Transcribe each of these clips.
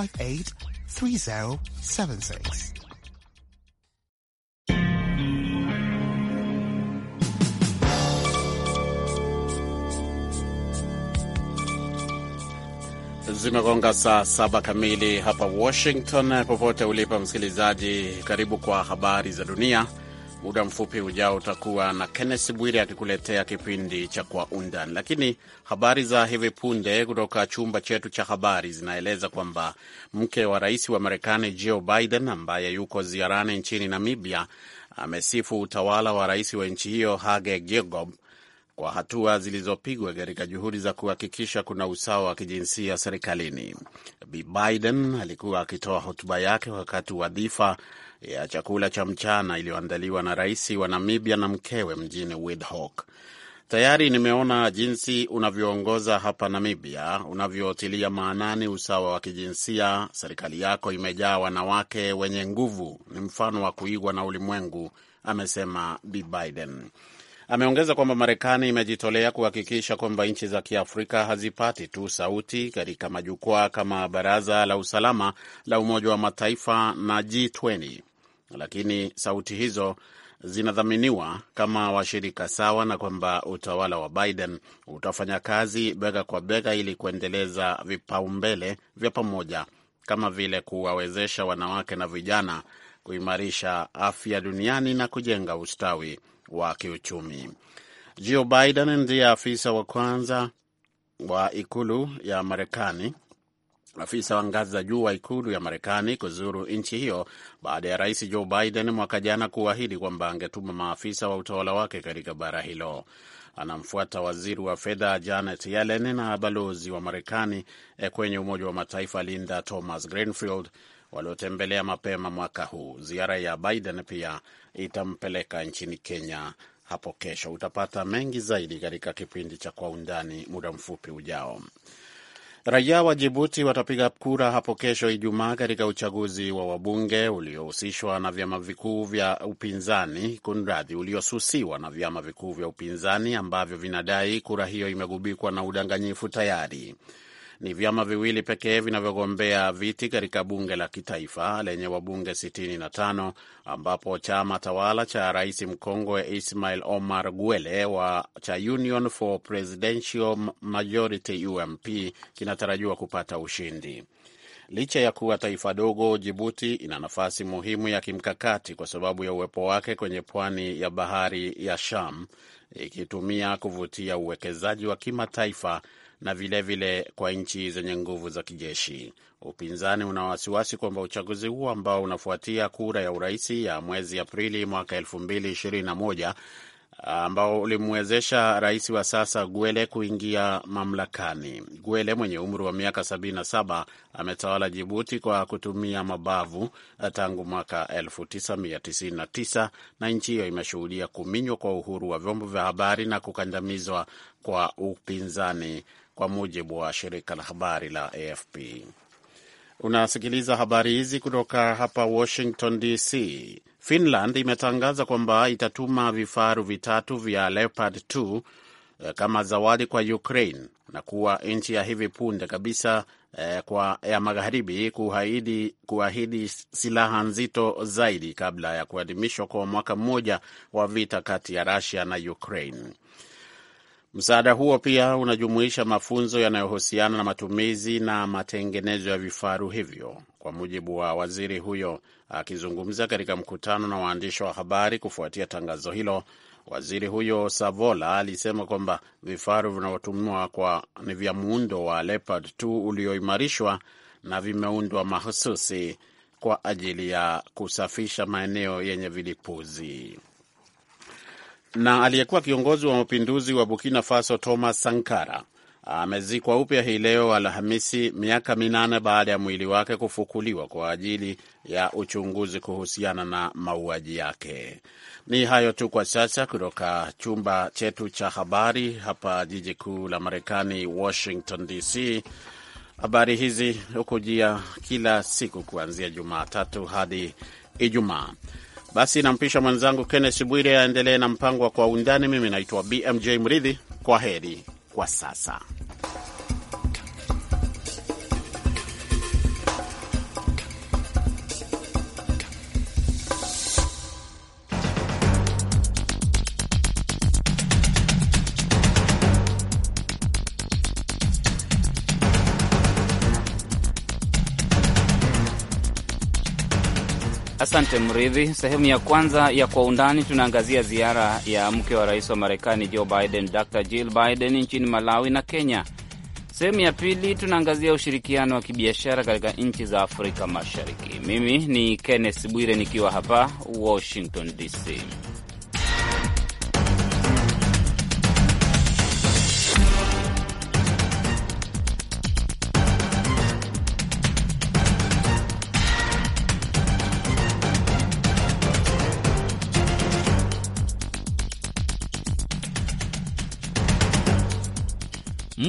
Zimegonga saa saba kamili hapa Washington. Popote ulipo msikilizaji, karibu kwa habari za dunia. Muda mfupi ujao utakuwa na Kenneth Bwire akikuletea kipindi cha Kwa Undani, lakini habari za hivi punde kutoka chumba chetu cha habari zinaeleza kwamba mke wa rais wa Marekani Joe Biden ambaye yuko ziarani nchini Namibia amesifu utawala wa rais wa nchi hiyo Hage Geingob kwa hatua zilizopigwa katika juhudi za kuhakikisha kuna usawa wa kijinsia serikalini. Bi Biden alikuwa akitoa hotuba yake wakati wa dhifa ya chakula cha mchana iliyoandaliwa na rais wa Namibia na mkewe mjini Windhoek. Tayari nimeona jinsi unavyoongoza hapa Namibia, unavyotilia maanani usawa wa kijinsia. Serikali yako imejaa wanawake wenye nguvu, ni mfano wa kuigwa na ulimwengu, amesema B. Biden. Ameongeza kwamba Marekani imejitolea kuhakikisha kwamba nchi za Kiafrika hazipati tu sauti katika majukwaa kama Baraza la Usalama la Umoja wa Mataifa na G20 lakini sauti hizo zinadhaminiwa kama washirika sawa na kwamba utawala wa Biden utafanya kazi bega kwa bega ili kuendeleza vipaumbele vya pamoja kama vile kuwawezesha wanawake na vijana, kuimarisha afya duniani na kujenga ustawi wa kiuchumi. Joe Biden ndiye afisa wa kwanza wa ikulu ya Marekani afisa wa ngazi za juu wa ikulu ya Marekani kuzuru nchi hiyo baada ya rais Joe Biden mwaka jana kuahidi kwamba angetuma maafisa wa utawala wake katika bara hilo. Anamfuata waziri wa fedha Janet Yellen na balozi wa Marekani eh, kwenye Umoja wa Mataifa Linda Thomas Greenfield waliotembelea mapema mwaka huu. Ziara ya Biden pia itampeleka nchini Kenya hapo kesho. Utapata mengi zaidi katika kipindi cha Kwa Undani muda mfupi ujao. Raia wa Jibuti watapiga kura hapo kesho Ijumaa katika uchaguzi wa wabunge uliohusishwa na vyama vikuu vya upinzani kunradhi, uliosusiwa na vyama vikuu vya upinzani ambavyo vinadai kura hiyo imegubikwa na udanganyifu tayari. Ni vyama viwili pekee vinavyogombea viti katika bunge la kitaifa lenye wabunge 65 ambapo chama tawala cha rais mkongwe Ismail Omar Guele wa cha Union for Presidential Majority UMP kinatarajiwa kupata ushindi. Licha ya kuwa taifa dogo, Jibuti ina nafasi muhimu ya kimkakati kwa sababu ya uwepo wake kwenye pwani ya bahari ya Sham, ikitumia kuvutia uwekezaji wa kimataifa na vilevile vile kwa nchi zenye nguvu za kijeshi. Upinzani una wasiwasi kwamba uchaguzi huo ambao unafuatia kura ya uraisi ya mwezi Aprili mwaka 2021 ambao ulimwezesha rais wa sasa gwele kuingia mamlakani. gwele mwenye umri wa miaka 77 ametawala Jibuti kwa kutumia mabavu eh, tangu mwaka 1999 na nchi hiyo imeshuhudia kuminywa kwa uhuru wa vyombo vya habari na kukandamizwa kwa upinzani, kwa mujibu wa shirika la habari la AFP. Unasikiliza habari hizi kutoka hapa Washington DC. Finland imetangaza kwamba itatuma vifaru vitatu vya Leopard 2 eh, kama zawadi kwa Ukraine na kuwa nchi ya hivi punde kabisa eh, kwa ya magharibi kuahidi, kuahidi silaha nzito zaidi kabla ya kuadhimishwa kwa mwaka mmoja wa vita kati ya Russia na Ukraine. Msaada huo pia unajumuisha mafunzo yanayohusiana na matumizi na matengenezo ya vifaru hivyo, kwa mujibu wa waziri huyo. Akizungumza katika mkutano na waandishi wa habari kufuatia tangazo hilo, waziri huyo Savola alisema kwamba vifaru vinavyotumiwa kwa ni vya muundo wa Leopard 2 ulioimarishwa na vimeundwa mahususi kwa ajili ya kusafisha maeneo yenye vilipuzi na aliyekuwa kiongozi wa mapinduzi wa Burkina Faso Thomas Sankara amezikwa upya hii leo Alhamisi, miaka minane baada ya mwili wake kufukuliwa kwa ajili ya uchunguzi kuhusiana na mauaji yake. Ni hayo tu kwa sasa kutoka chumba chetu cha habari hapa jiji kuu la Marekani, Washington DC. Habari hizi hukujia kila siku kuanzia Jumatatu hadi Ijumaa. Basi nampisha mwenzangu Kenneth Bwire aendelee na mpango wa Kwa Undani. Mimi naitwa BMJ Mridhi. Kwa heri kwa sasa. Asante Mridhi. Sehemu ya kwanza ya Kwa Undani tunaangazia ziara ya mke wa rais wa Marekani Joe Biden, Dr Jill Biden nchini Malawi na Kenya. Sehemu ya pili tunaangazia ushirikiano wa kibiashara katika nchi za Afrika Mashariki. Mimi ni Kenneth Bwire nikiwa hapa Washington DC.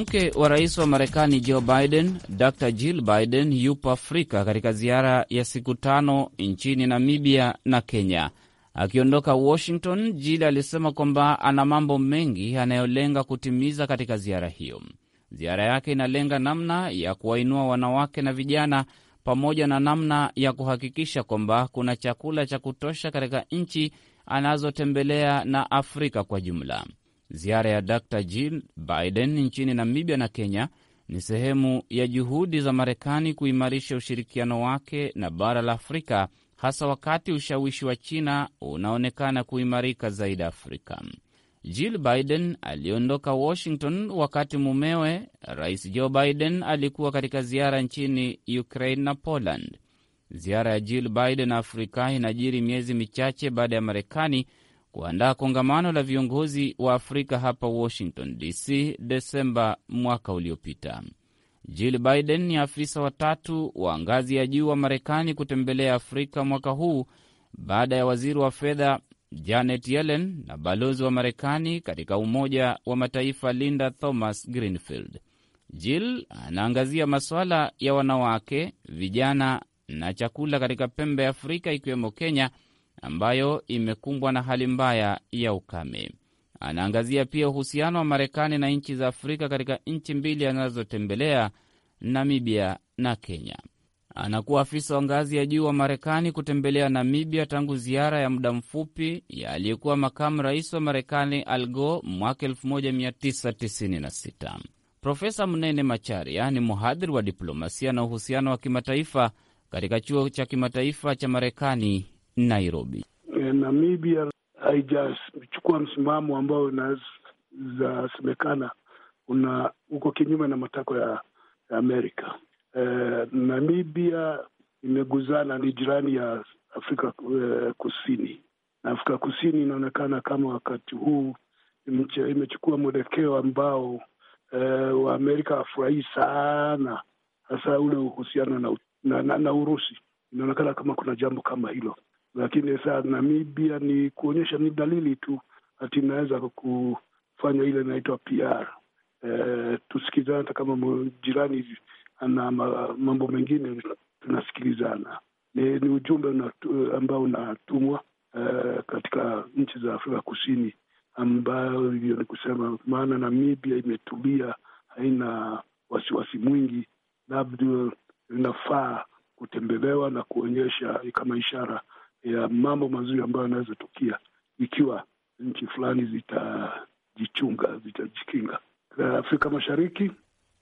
Mke wa rais wa Marekani Joe Biden, Dr Jill Biden, yupo Afrika katika ziara ya siku tano nchini Namibia na Kenya. Akiondoka Washington, Jill alisema kwamba ana mambo mengi anayolenga kutimiza katika ziara hiyo. Ziara yake inalenga namna ya kuwainua wanawake na vijana pamoja na namna ya kuhakikisha kwamba kuna chakula cha kutosha katika nchi anazotembelea na Afrika kwa jumla. Ziara ya Dr Jill Biden nchini Namibia na Kenya ni sehemu ya juhudi za Marekani kuimarisha ushirikiano wake na bara la Afrika, hasa wakati ushawishi wa China unaonekana kuimarika zaidi Afrika. Jill Biden aliondoka Washington wakati mumewe Rais Joe Biden alikuwa katika ziara nchini Ukraine na Poland. Ziara ya Jill Biden Afrika inajiri miezi michache baada ya Marekani kuandaa kongamano la viongozi wa Afrika hapa Washington DC Desemba mwaka uliopita. Jill Biden ni afisa watatu wa ngazi ya juu wa Marekani kutembelea Afrika mwaka huu baada ya waziri wa fedha Janet Yellen na balozi wa Marekani katika Umoja wa Mataifa Linda Thomas Greenfield. Jill anaangazia masuala ya wanawake, vijana na chakula katika pembe ya Afrika ikiwemo Kenya ambayo imekumbwa na hali mbaya ya ukame. Anaangazia pia uhusiano wa Marekani na nchi za Afrika katika nchi mbili anazotembelea, Namibia na Kenya. Anakuwa afisa wa ngazi ya juu wa Marekani kutembelea Namibia tangu ziara ya muda mfupi ya aliyekuwa makamu rais wa Marekani Al Gore mwaka 1996. Profesa mnene Macharia ni mhadhiri wa diplomasia na uhusiano wa kimataifa katika chuo cha kimataifa cha Marekani Nairobi. E, Namibia haijachukua msimamo ambao unazasemekana una uko kinyume na matakwa ya Amerika. E, Namibia imeguzana, ni jirani ya Afrika e, Kusini, na Afrika Kusini inaonekana kama wakati huu imechukua mwelekeo ambao e, Waamerika hafurahii sana, hasa ule uhusiano na, na, na, na Urusi. Inaonekana kama kuna jambo kama hilo lakini saa Namibia ni kuonyesha ni dalili tu ati inaweza kufanya ile inaitwa PR. E, eh, tusikilizane hata kama jirani ana mambo mengine tunasikilizana. Ni, ni ujumbe una, ambao unatumwa e, katika nchi za Afrika Kusini ambayo hivyo ni kusema maana Namibia imetulia, haina wasiwasi mwingi, labda inafaa kutembelewa na kuonyesha kama ishara ya mambo mazuri ambayo yanaweza ikiwa nchi fulani zitajichunga, zitajikinga. Afrika Mashariki,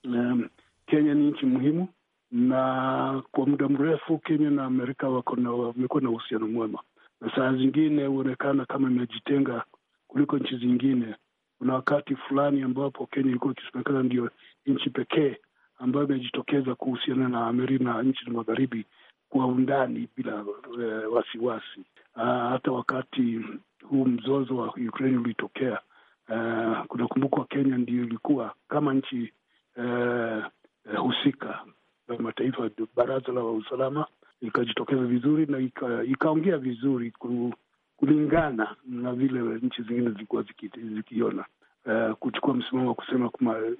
um, Kenya ni nchi muhimu, na kwa muda mrefu Kenya na Amerika wamekuwa na uhusiano mwema, na saa zingine huonekana kama imejitenga kuliko nchi zingine. Kuna wakati fulani ambapo Kenya ilikuwa ikisemekana ndio nchi pekee ambayo imejitokeza kuhusiana na Amerika na nchi za magharibi kwa undani bila uh, wasiwasi uh, hata wakati huu mzozo wa Ukraine ulitokea, uh, kunakumbukwa Kenya ndio ilikuwa kama nchi uh, husika ya mataifa, baraza la usalama ikajitokeza vizuri na ikaongea vizuri kulingana na vile nchi zingine zilikuwa zikiona uh, kuchukua msimamo wa kusema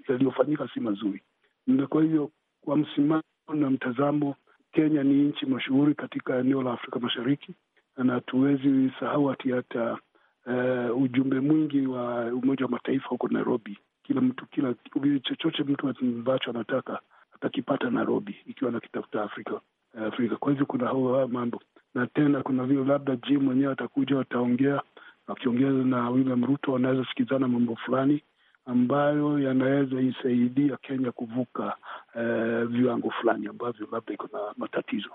yaliyofanyika si mazuri, na kwa hivyo kwa msimamo na mtazamo Kenya ni nchi mashuhuri katika eneo la Afrika Mashariki na hatuwezi sahau hati hata uh, ujumbe mwingi wa Umoja wa Mataifa huko Nairobi. Kila mtu kila chochote mtu ambacho anataka atakipata Nairobi ikiwa anakitafuta Afrika Afrika. Kwa hivyo kuna hao mambo na tena kuna vile labda Jim mwenyewe atakuja, wataongea wakiongea na William Ruto wanaweza sikizana mambo fulani ambayo yanaweza isaidia Kenya kuvuka eh, viwango fulani ambavyo labda iko na matatizo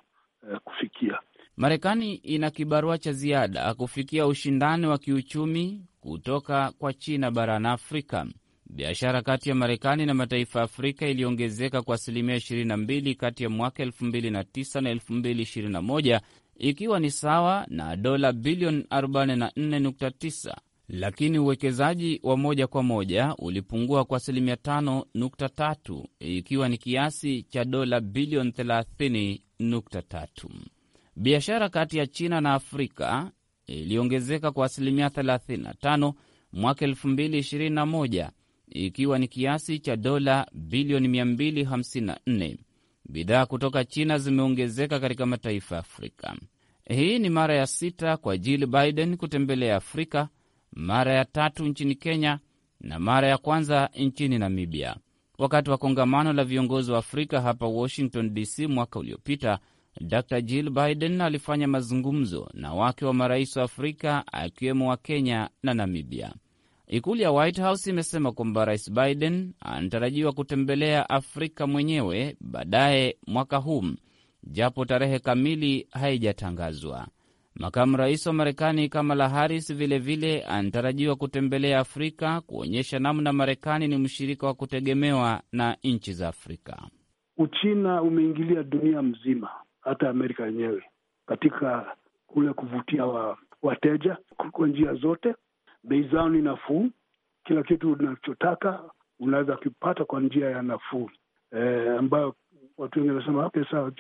eh, kufikia. Marekani ina kibarua cha ziada kufikia ushindani wa kiuchumi kutoka kwa China barani Afrika. Biashara kati ya Marekani na mataifa ya Afrika iliongezeka kwa asilimia 22 kati ya mwaka 2009 na 2021 ikiwa ni sawa na dola bilioni 44.9 lakini uwekezaji wa moja kwa moja ulipungua kwa asilimia 5.3 ikiwa ni kiasi cha dola bilioni 30.3. Biashara kati ya China na Afrika iliongezeka kwa asilimia 35 mwaka 2021 ikiwa ni kiasi cha dola bilioni 254. Bidhaa kutoka China zimeongezeka katika mataifa ya Afrika. Hii ni mara ya sita kwa Jill Biden kutembelea Afrika mara ya tatu nchini Kenya na mara ya kwanza nchini Namibia. Wakati wa kongamano la viongozi wa Afrika hapa Washington DC mwaka uliopita, Dr Jill Biden alifanya mazungumzo na wake wa marais wa Afrika akiwemo wa Kenya na Namibia. Ikulu ya White House imesema kwamba Rais Biden anatarajiwa kutembelea Afrika mwenyewe baadaye mwaka huu, japo tarehe kamili haijatangazwa. Makamu rais wa Marekani Kamala Harris vilevile anatarajiwa kutembelea Afrika kuonyesha namna Marekani ni mshirika wa kutegemewa na nchi za Afrika. Uchina umeingilia dunia mzima, hata Amerika yenyewe katika kule kuvutia wa, wateja kwa njia zote. Bei zao ni nafuu, kila kitu unachotaka unaweza kipata kwa njia ya nafuu e, ambayo watu wengi wanasema pesa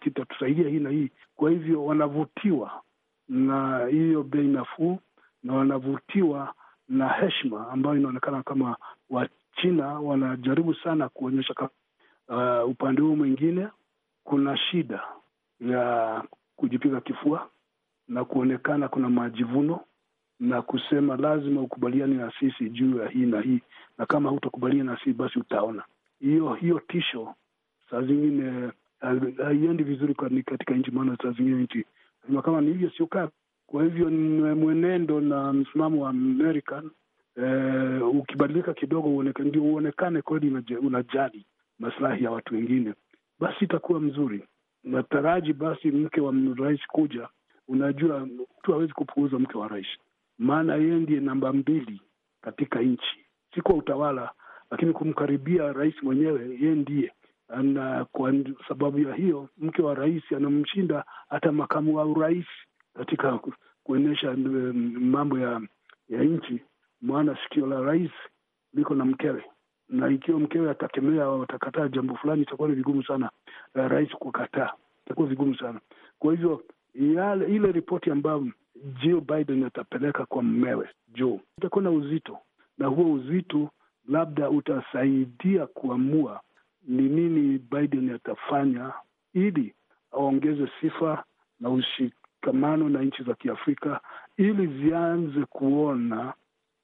kitatusaidia hii na hii. Kwa hivyo wanavutiwa na hiyo bei nafuu, na wanavutiwa na heshima ambayo inaonekana kama Wachina wanajaribu sana kuonyesha kama uh, upande huu mwingine kuna shida ya kujipiga kifua na kuonekana kuna majivuno na kusema lazima ukubaliane na sisi juu ya hii na hii, na kama hutakubaliana na sisi basi utaona. Hiyo hiyo tisho saa zingine uh, haiendi vizuri katika nchi, maana saa zingine nchi kama ni hivyo, sio kazi. Kwa hivyo mwenendo na msimamo wa Amerika eh, ukibadilika kidogo, ndio uonekane kweli unajali maslahi ya watu wengine, basi itakuwa mzuri. Nataraji basi mke wa rais kuja. Unajua, mtu hawezi kupuuza mke wa rais, maana yeye ndiye namba mbili katika nchi, si kwa utawala, lakini kumkaribia rais mwenyewe, yeye ndiye na kwa sababu ya hiyo mke wa rais anamshinda hata makamu wa urais katika kuonyesha um, mambo ya ya nchi, maana sikio la rais liko na mkewe, na ikiwa mkewe atakemea au atakataa jambo fulani, itakuwa ni vigumu sana uh, rais kukataa, itakuwa vigumu sana. Kwa hivyo yale, ile ripoti ambayo Joe Biden atapeleka kwa mmewe Joe itakuwa na uzito, na huo uzito labda utasaidia kuamua ni nini Biden atafanya ili aongeze sifa na ushikamano na nchi za Kiafrika ili zianze kuona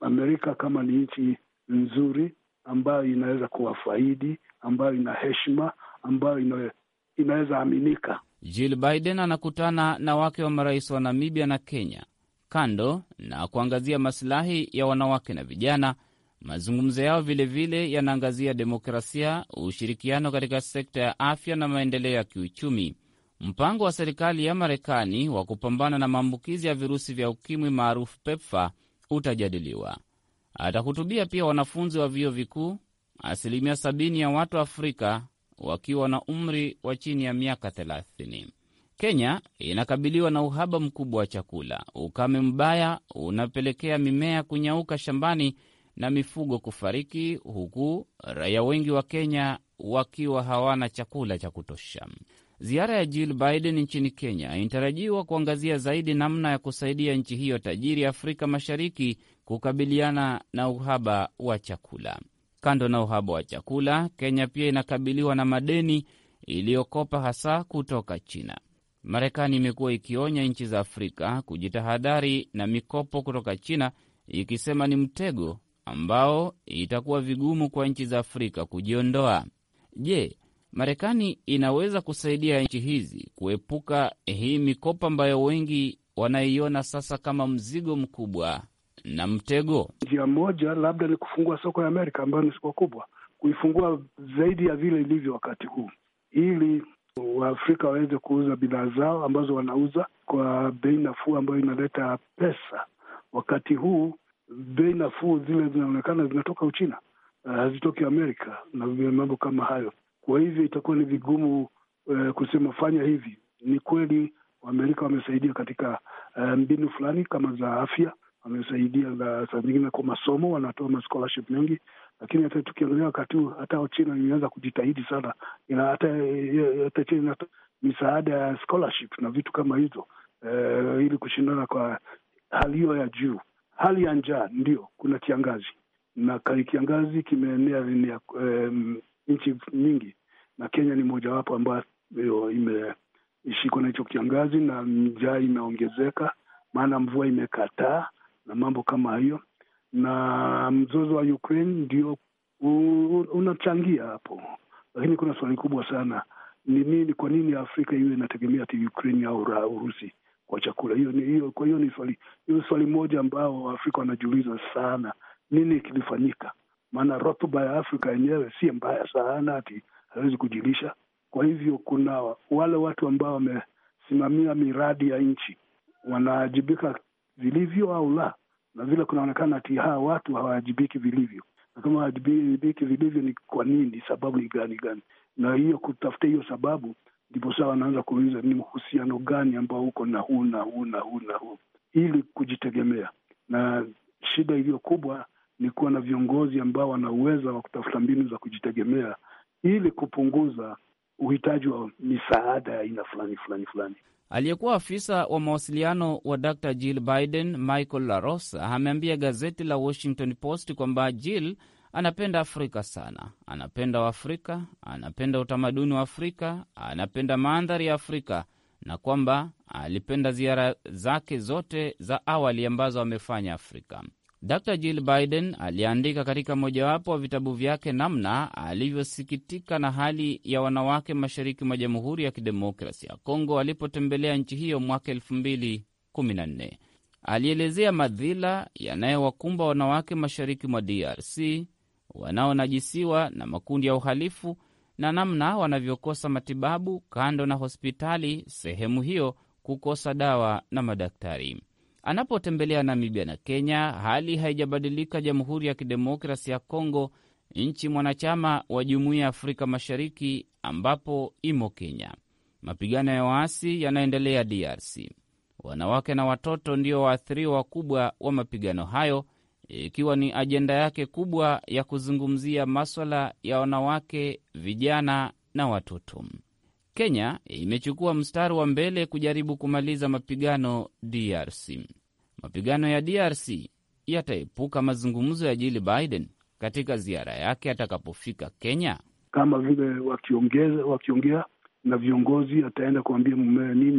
Amerika kama ni nchi nzuri ambayo inaweza kuwafaidi, ambayo ina heshima, ambayo inaweza aminika. Jill Biden anakutana na wake wa marais wa Namibia na Kenya. Kando na kuangazia masilahi ya wanawake na vijana Mazungumzo yao vilevile yanaangazia demokrasia, ushirikiano katika sekta ya afya na maendeleo ya kiuchumi. Mpango wa serikali ya Marekani wa kupambana na maambukizi ya virusi vya ukimwi maarufu pepfa utajadiliwa. Atahutubia pia wanafunzi wa vyuo vikuu, asilimia sabini ya watu Afrika wakiwa na umri wa chini ya miaka 30. Kenya inakabiliwa na uhaba mkubwa wa chakula. Ukame mbaya unapelekea mimea kunyauka shambani na mifugo kufariki, huku raia wengi wa Kenya wakiwa hawana chakula cha kutosha. Ziara ya Jill Biden nchini Kenya inatarajiwa kuangazia zaidi namna ya kusaidia nchi hiyo tajiri ya Afrika Mashariki kukabiliana na uhaba wa chakula. Kando na uhaba wa chakula, Kenya pia inakabiliwa na madeni iliyokopa hasa kutoka China. Marekani imekuwa ikionya nchi za Afrika kujitahadhari na mikopo kutoka China, ikisema ni mtego ambao itakuwa vigumu kwa nchi za Afrika kujiondoa. Je, Marekani inaweza kusaidia nchi hizi kuepuka hii mikopo ambayo wengi wanaiona sasa kama mzigo mkubwa na mtego? Njia moja labda ni kufungua soko ya Amerika ambayo ni soko kubwa, kuifungua zaidi ya vile ilivyo wakati huu, ili Waafrika waweze kuuza bidhaa zao ambazo wanauza kwa bei nafuu ambayo inaleta pesa. Wakati huu bei nafuu zile zinaonekana zinatoka Uchina, eh, hazitoki Amerika na mambo kama hayo. Kwa hivyo itakuwa ni vigumu eh, kusema fanya hivi. Ni kweli Waamerika wamesaidia katika eh, mbinu fulani kama za afya, wamesaidia na saa zingine kwa masomo, wanatoa mascholarship mengi, lakini hata tukiangalia wakati huu hata china imeanza kujitahidi sana, ina hata hata China misaada ya scholarship na vitu kama hizo uh, ili kushindana kwa hali hiyo ya juu hali ya njaa. Ndio kuna kiangazi na kiangazi kimeenea um, nchi nyingi, na Kenya ni mojawapo ambayo imeishikwa na hicho kiangazi na njaa imeongezeka, maana mvua imekataa na mambo kama hiyo, na mzozo wa Ukraine ndio unachangia hapo, lakini kuna swali kubwa sana ni nini, kwa nini Afrika iwe inategemea ati Ukraine au Urusi? wa chakula. Hiyo ni hiyo, kwa hiyo ni swali hiyo, swali moja ambao Waafrika wanajiuliza sana, nini kilifanyika? Maana rutuba ya Afrika yenyewe si mbaya sana ati hawezi kujilisha. Kwa hivyo kuna wale watu ambao wamesimamia miradi ya nchi wanaajibika vilivyo au la, na vile kunaonekana ati hawa watu hawaajibiki vilivyo, na kama hawajibiki vilivyo, ni kwa nini? Sababu ni gani gani? Na hiyo kutafuta hiyo sababu sasa wanaanza kuuliza ni uhusiano gani ambao uko na huu na huu na huu na huu, ili kujitegemea. Na shida iliyo kubwa ni kuwa na viongozi ambao wana uwezo wa kutafuta mbinu za kujitegemea ili kupunguza uhitaji wa misaada ya aina fulani fulani fulani. Aliyekuwa afisa wa mawasiliano wa Dr Jill Biden, Michael LaRosa, ameambia gazeti la Washington Post kwamba Jill Anapenda Afrika sana, anapenda Waafrika, anapenda utamaduni wa Afrika, anapenda mandhari ya Afrika, na kwamba alipenda ziara zake zote za awali ambazo amefanya Afrika. Dr Jill Biden aliandika katika mojawapo wa vitabu vyake namna alivyosikitika na hali ya wanawake mashariki mwa Jamhuri ya Kidemokrasia ya Kongo alipotembelea nchi hiyo mwaka 2014. Alielezea madhila yanayowakumba wanawake mashariki mwa DRC wanaonajisiwa na makundi ya uhalifu na namna wanavyokosa matibabu kando na hospitali, sehemu hiyo kukosa dawa na madaktari. Anapotembelea Namibia na Kenya, hali haijabadilika. Jamhuri ya Kidemokrasi ya Kongo, nchi mwanachama wa Jumuiya ya Afrika Mashariki ambapo imo Kenya, mapigano ya waasi yanaendelea DRC. Wanawake na watoto ndio waathiriwa wakubwa wa mapigano hayo, ikiwa ni ajenda yake kubwa ya kuzungumzia maswala ya wanawake, vijana na watoto. Kenya imechukua mstari wa mbele kujaribu kumaliza mapigano DRC. Mapigano ya DRC yataepuka mazungumzo ya jili Biden katika ziara yake atakapofika Kenya, kama vile wakiongea na viongozi, ataenda kuambia mumewe nini,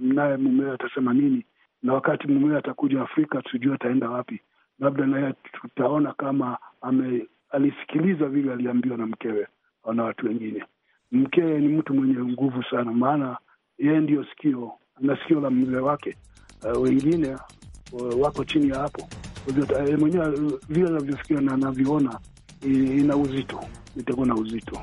naye mumewe atasema nini, na wakati mumewe atakuja Afrika, tujue ataenda wapi labda naye tutaona kama ame, alisikiliza vile aliambiwa na mkewe na watu wengine. Mkewe ni mtu mwenye nguvu sana, maana yeye ndiyo sikio na sikio la mzee wake. Uh, wengine uh, wako chini ya hapo. Eh, mwenyewe vile anavyosikia na anavyoona ina uzito, itakuwa na uzito.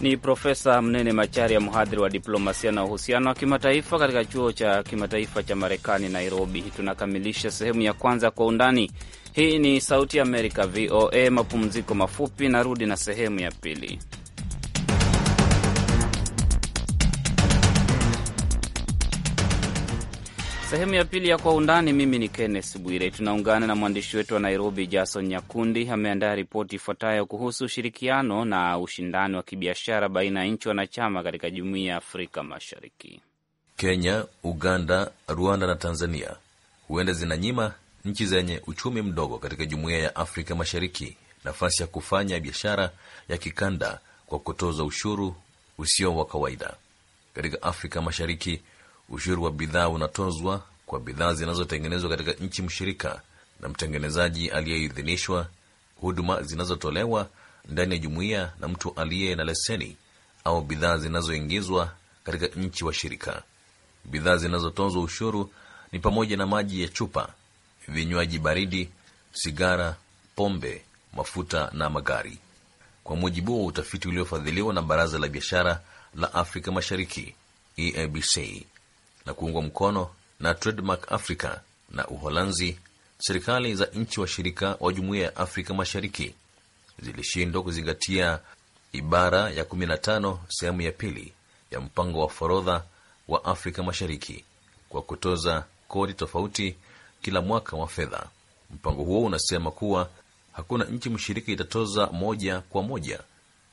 Ni Profesa Mnene Macharia, mhadhiri wa diplomasia na uhusiano wa kimataifa katika chuo cha kimataifa cha Marekani, Nairobi. Tunakamilisha sehemu ya kwanza kwa undani. Hii ni Sauti ya Amerika, VOA. Mapumziko mafupi, narudi na sehemu ya pili. Sehemu ya pili ya Kwa Undani. Mimi ni Kenneth Bwire. Tunaungana na mwandishi wetu wa Nairobi, Jason Nyakundi. Ameandaa ripoti ifuatayo kuhusu ushirikiano na ushindani wa kibiashara baina ya nchi wanachama katika Jumuiya ya Afrika Mashariki. Kenya, Uganda, Rwanda na Tanzania huenda zinanyima nchi zenye uchumi mdogo katika Jumuiya ya Afrika Mashariki nafasi ya kufanya biashara ya kikanda kwa kutoza ushuru usio wa kawaida. Katika Afrika Mashariki, Ushuru wa bidhaa unatozwa kwa bidhaa zinazotengenezwa katika nchi mshirika na mtengenezaji aliyeidhinishwa, huduma zinazotolewa ndani ya jumuiya na mtu aliye na leseni, au bidhaa zinazoingizwa katika nchi washirika. Bidhaa zinazotozwa ushuru ni pamoja na maji ya chupa, vinywaji baridi, sigara, pombe, mafuta na magari. Kwa mujibu wa utafiti uliofadhiliwa na Baraza la Biashara la Afrika Mashariki EABC, na kuungwa mkono na Trademark Africa na Uholanzi, serikali za nchi washirika wa jumuiya ya Afrika Mashariki zilishindwa kuzingatia ibara ya 15 sehemu ya pili ya mpango wa forodha wa Afrika Mashariki kwa kutoza kodi tofauti kila mwaka wa fedha. Mpango huo unasema kuwa hakuna nchi mshirika itatoza moja kwa moja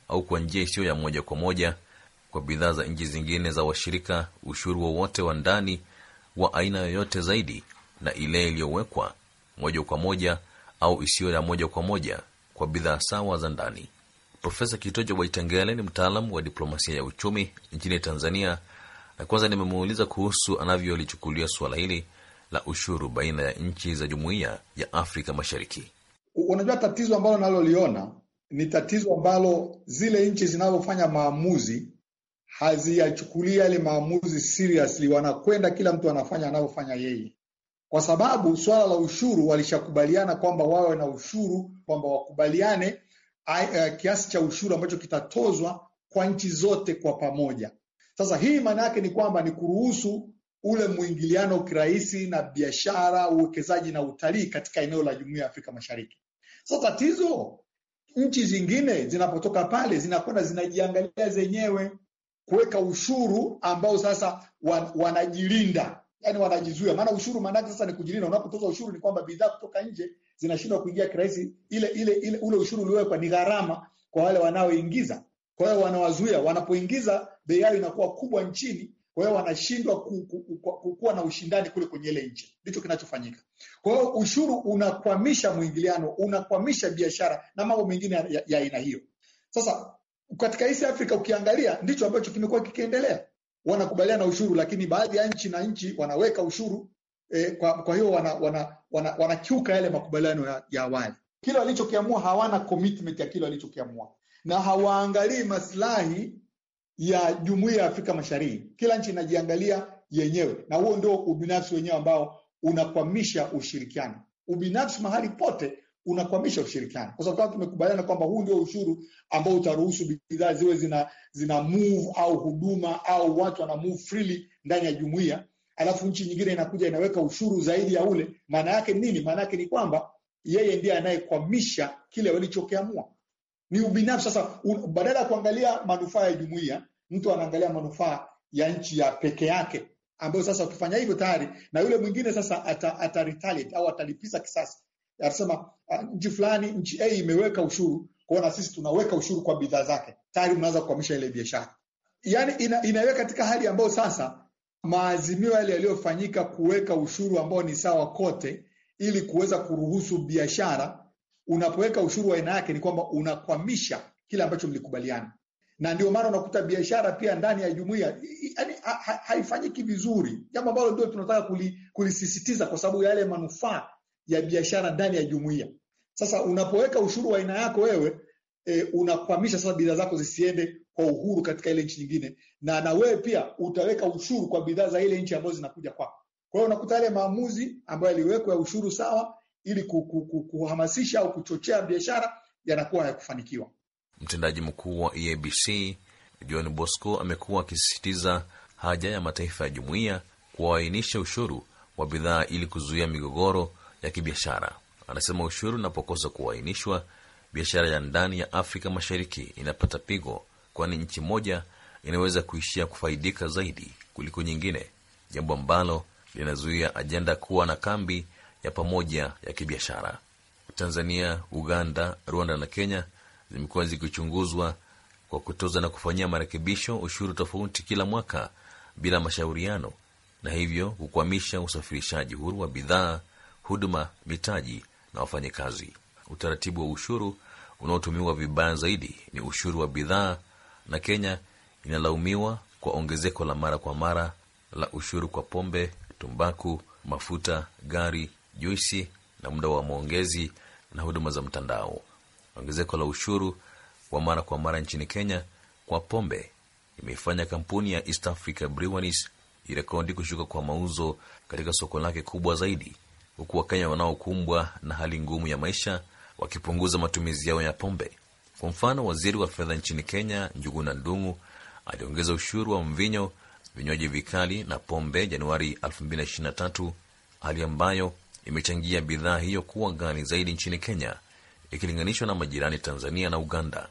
au kwa njia isiyo ya moja kwa moja kwa bidhaa za nchi zingine za washirika ushuru wowote wa, wa ndani wa aina yoyote zaidi na ile iliyowekwa moja kwa moja au isiyo ya moja kwa moja kwa bidhaa sawa za ndani. Profesa Kitojo Waitengele ni mtaalam wa diplomasia ya uchumi nchini Tanzania, na kwanza nimemuuliza kuhusu anavyolichukulia suala hili la ushuru baina ya nchi za jumuiya ya Afrika Mashariki. Unajua, tatizo ambalo naloliona ni tatizo ambalo zile nchi zinazofanya maamuzi haziyachukuli yale maamuzi seriously, wanakwenda kila mtu anafanya anavyofanya yeye, kwa sababu swala la ushuru walishakubaliana kwamba wawe na ushuru, kwamba wakubaliane eh, kiasi cha ushuru ambacho kitatozwa kwa nchi zote kwa pamoja. Sasa hii maana yake ni kwamba ni kuruhusu ule mwingiliano kirahisi na biashara, uwekezaji na utalii katika eneo la Jumuiya ya Afrika Mashariki. Sasa tatizo nchi zingine zinapotoka pale zinakwenda zinajiangalia zenyewe kuweka ushuru ambao sasa wan, wanajilinda yani wanajizuia. Maana ushuru maanake sasa ni kujilinda. Unapotoza ushuru ni kwamba bidhaa kutoka nje zinashindwa kuingia kirahisi. Ile, ile, ile ule ushuru uliowekwa ni gharama kwa wale wanaoingiza, kwa hiyo wanawazuia. Wanapoingiza bei yao inakuwa kubwa nchini, kwa hiyo wanashindwa kukuwa ku, ku, ku, na ushindani kule kwenye ile nchi. Ndicho kinachofanyika. Kwa hiyo ushuru unakwamisha mwingiliano, unakwamisha biashara na mambo mengine ya aina hiyo. Sasa katika East Africa ukiangalia ndicho ambacho kimekuwa kikiendelea. Wanakubaliana ushuru, lakini baadhi ya nchi na nchi wanaweka ushuru e, kwa, kwa hiyo wanakiuka wana, wana, wana yale makubaliano ya, ya awali. Kile walichokiamua hawana commitment ya kile walichokiamua, na hawaangalii maslahi ya jumuiya ya Afrika Mashariki. Kila nchi inajiangalia yenyewe, na huo ndio ubinafsi wenyewe ambao unakwamisha ushirikiano. Ubinafsi mahali pote unakwamisha ushirikiano, kwa sababu kama tumekubaliana kwamba huu ndio ushuru ambao utaruhusu bidhaa ziwe zina, zina move au huduma au watu wana move freely ndani ya jumuiya, alafu nchi nyingine inakuja inaweka ushuru zaidi ya ule, maana yake nini? Maana yake ni kwamba yeye ndiye anayekwamisha kile walichokiamua. Ni ubinafsi. Sasa badala ya kuangalia manufaa ya jumuiya, mtu anaangalia manufaa ya nchi ya peke yake, ambayo sasa ukifanya hivyo tayari na yule mwingine sasa ata, ata retaliate au atalipiza kisasi anasema ah, nchi fulani, nchi A imeweka ushuru kwao, na sisi tunaweka ushuru kwa bidhaa zake, tayari mnaanza kukwamisha ile biashara. Yani ina, inaweka katika hali ambayo sasa maazimio yale yaliyofanyika kuweka ushuru ambao ni sawa kote ili kuweza kuruhusu biashara. Unapoweka ushuru wa aina yake ni kwamba unakwamisha kile ambacho mlikubaliana, na ndio maana unakuta biashara pia ndani ya jumuiya yani ha, ha, haifanyiki vizuri, jambo ambalo ndio tunataka kulisisitiza, kwa sababu yale manufaa ya biashara ndani ya jumuiya. Sasa unapoweka ushuru wa aina yako wewe e, unakwamisha sasa bidhaa zako zisiende kwa uhuru katika ile nchi nyingine, na na wewe pia utaweka ushuru kwa bidhaa za ile nchi ambazo zinakuja kwako. Kwa hiyo unakuta yale maamuzi ambayo yaliwekwa ya ushuru sawa ili kuhamasisha au kuchochea biashara yanakuwa hayakufanikiwa. Mtendaji mkuu wa EABC John Bosco amekuwa akisisitiza haja ya mataifa ya jumuiya kuainisha ushuru wa bidhaa ili kuzuia migogoro ya kibiashara. Anasema ushuru unapokosa kuainishwa, biashara ya ndani ya Afrika Mashariki inapata pigo, kwani nchi moja inaweza kuishia kufaidika zaidi kuliko nyingine, jambo ambalo linazuia ajenda kuwa na kambi ya pamoja ya kibiashara. Tanzania, Uganda, Rwanda na Kenya zimekuwa zikichunguzwa kwa kutoza na kufanyia marekebisho ushuru tofauti kila mwaka bila mashauriano, na hivyo kukwamisha usafirishaji huru wa bidhaa huduma, mitaji na wafanyakazi. Utaratibu wa ushuru unaotumiwa vibaya zaidi ni ushuru wa bidhaa, na Kenya inalaumiwa kwa ongezeko la mara kwa mara la ushuru kwa pombe, tumbaku, mafuta, gari, juisi na muda wa maongezi na huduma za mtandao. Ongezeko la ushuru wa mara kwa mara nchini Kenya kwa pombe imeifanya kampuni ya East Africa Breweries irekodi kushuka kwa mauzo katika soko lake kubwa zaidi huku Wakenya wanaokumbwa na hali ngumu ya maisha wakipunguza matumizi yao ya pombe. Kwa mfano, waziri wa fedha nchini Kenya Njuguna Ndung'u aliongeza ushuru wa mvinyo, vinywaji vikali na pombe Januari 2023, hali ambayo imechangia bidhaa hiyo kuwa ghali zaidi nchini Kenya ikilinganishwa na majirani Tanzania na Uganda.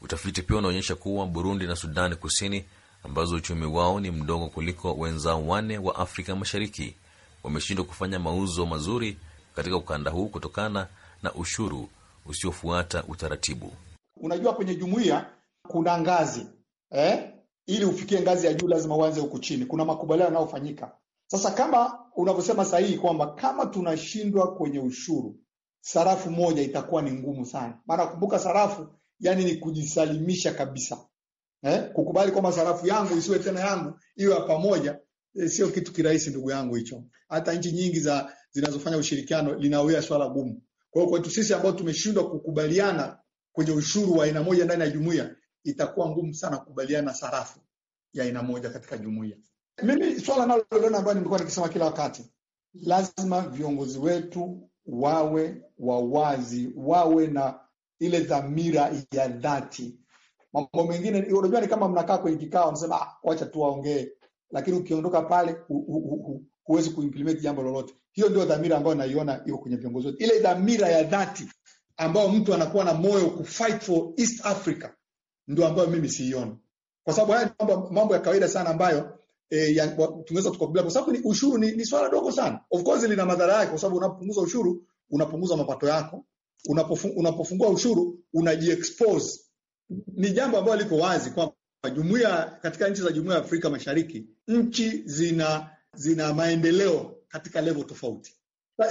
Utafiti pia unaonyesha kuwa Burundi na Sudani Kusini, ambazo uchumi wao ni mdogo kuliko wenzao wane wa Afrika Mashariki, wameshindwa kufanya mauzo mazuri katika ukanda huu kutokana na ushuru usiofuata utaratibu. Unajua, kwenye jumuiya kuna ngazi eh? Ili ufikie ngazi ya juu lazima uanze huku chini. Kuna makubaliano yanayofanyika sasa, kama unavyosema sahihi kwamba kama tunashindwa kwenye ushuru, sarafu moja itakuwa ni ngumu sana, maana kumbuka sarafu yani ni kujisalimisha kabisa eh? Kukubali kwamba sarafu yangu isiwe tena yangu, iwe ya pamoja, Eh, sio kitu kirahisi ndugu yangu hicho. Hata nchi nyingi za zinazofanya ushirikiano linawea swala gumu. Kwa hiyo kwetu sisi ambao tumeshindwa kukubaliana kwenye ushuru wa aina moja ndani ya jumuiya, itakuwa ngumu sana kukubaliana sarafu ya aina moja katika jumuiya. Mimi swala naloliona ambayo nimekuwa nikisema kila wakati, lazima viongozi wetu wawe wawazi, wawe na ile dhamira ya dhati. Mambo mengine unajua, ni kama mnakaa kwenye kikao, mnasema ah, wacha tuwaongee lakini ukiondoka pale huwezi kuimplement jambo lolote. Hiyo ndio dhamira ambayo naiona iko kwenye viongozi wote, ile dhamira ya dhati ambayo mtu anakuwa na moyo kufight for East Africa, ndio ambayo mimi siioni, kwa sababu haya mambo, mambo ya kawaida sana ambayo e, tunaweza tukakubaliana, kwa sababu ni ushuru ni, ni swala dogo sana. Of course lina madhara yake, kwa sababu unapopunguza ushuru unapunguza mapato yako, unapofungua ushuru unajiexpose. Ni jambo ambalo liko wazi kwa jumuiya katika nchi za jumuiya ya Afrika Mashariki nchi zina zina maendeleo katika level tofauti.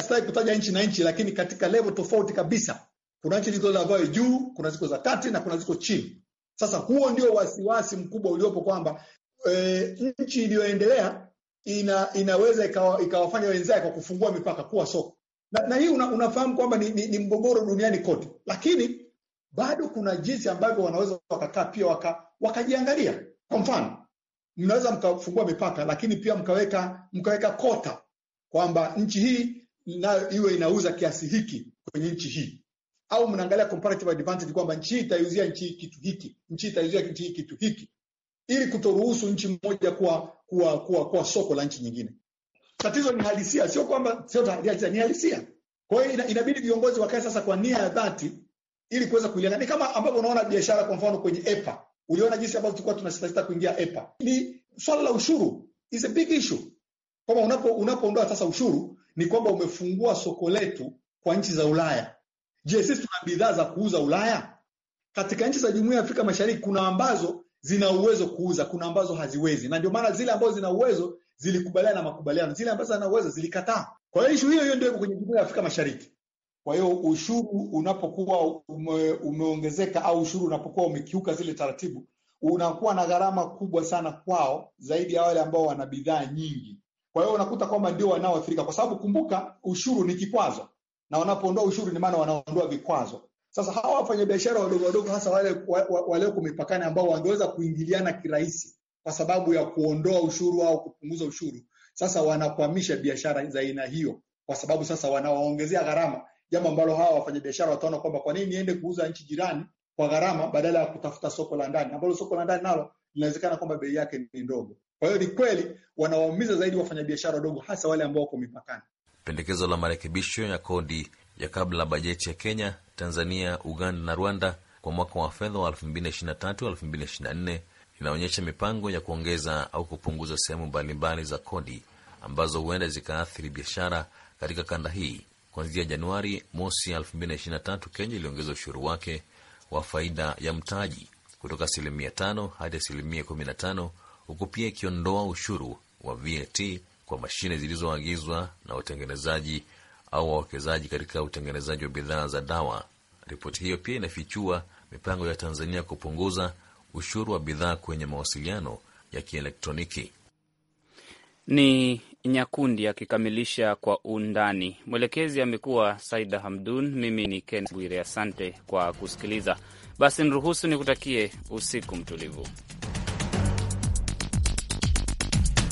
Sitaki kutaja nchi na nchi, lakini katika level tofauti kabisa. Kuna nchi zilizo juu, kuna ziko za kati na kuna ziko chini. Sasa huo ndio wasiwasi mkubwa uliopo kwamba e, nchi iliyoendelea ina, inaweza ikawa, ikawafanya wenzake kwa kufungua mipaka kuwa soko na, na hii una, unafahamu kwamba ni, ni, ni mgogoro duniani kote, lakini bado kuna jinsi ambavyo wanaweza wakakaa pia waka, wakajiangalia. Kwa mfano mnaweza mkafungua mipaka, lakini pia mkaweka mkaweka kota kwamba nchi hii nayo iwe inauza kiasi hiki kwenye nchi hii, au mnaangalia comparative advantage kwamba nchi hii itaiuzia nchi hii kitu hiki, nchi itaiuzia nchi hii kitu hiki, ili kutoruhusu nchi moja kuwa kuwa kuwa, kuwa soko la nchi nyingine. Tatizo ni halisia, sio kwamba sio halisia, ni halisia. Kwa hiyo inabidi viongozi wakae sasa kwa nia ya dhati ili kuweza kuilenga. Ni kama ambavyo unaona biashara, kwa mfano kwenye EPA Uliona jinsi ambavyo tulikuwa tunasitasita kuingia EPA. Ni swala la ushuru is a big issue, kwamba unapo unapoondoa sasa ushuru ni kwamba umefungua soko letu kwa nchi za Ulaya. Je, sisi tuna bidhaa za kuuza Ulaya? Katika nchi za Jumuiya ya Afrika Mashariki kuna ambazo zina uwezo kuuza, kuna ambazo haziwezi, na ndio maana zile ambazo zina uwezo zilikubaliana na makubaliano, zile ambazo hazina uwezo zilikataa. Kwa hiyo ishu hiyo hiyo ndio iko kwenye Jumuiya ya Afrika Mashariki. Kwa hiyo ushuru unapokuwa ume, umeongezeka au ushuru unapokuwa umekiuka zile taratibu, unakuwa na gharama kubwa sana kwao zaidi ya wale ambao wana bidhaa nyingi. Kwa hiyo unakuta kwamba ndio wanaoathirika, kwa sababu kumbuka, ushuru ni kikwazo, na wanapoondoa ushuru ni maana wanaondoa vikwazo. Sasa hawa wafanyabiashara wadogo wadogo, hasa wale walioko mipakani, ambao wangeweza kuingiliana kirahisi kwa sababu ya kuondoa ushuru au kupunguza ushuru, sasa wanakwamisha biashara za aina hiyo, kwa sababu sasa wanawaongezea gharama jambo ambalo hawa wafanyabiashara wataona kwamba kwa nini niende kuuza nchi jirani kwa gharama badala ya kutafuta soko la ndani ambalo soko la ndani nalo linawezekana kwamba bei yake ni ndogo. Kwa hiyo ni kweli wanawaumiza zaidi wafanyabiashara wadogo, hasa wale ambao wako mipakani. Pendekezo la marekebisho ya kodi ya kabla bajeti ya Kenya, Tanzania, Uganda na Rwanda kwa mwaka wa fedha wa 2023/2024 linaonyesha mipango ya kuongeza au kupunguza sehemu mbalimbali za kodi ambazo huenda zikaathiri biashara katika kanda hii. Kuanzia Januari mosi 2023 Kenya iliongeza ushuru wake wa faida ya mtaji kutoka asilimia 5 hadi asilimia 15 huku pia ikiondoa ushuru wa VAT kwa mashine zilizoagizwa na watengenezaji au wawekezaji katika utengenezaji wa bidhaa za dawa. Ripoti hiyo pia inafichua mipango ya Tanzania kupunguza ushuru wa bidhaa kwenye mawasiliano ya kielektroniki. Ni Nyakundi akikamilisha kwa undani. Mwelekezi amekuwa Saida Hamdun, mimi ni Ken Bwire. Asante kwa kusikiliza. Basi niruhusu nikutakie usiku mtulivu.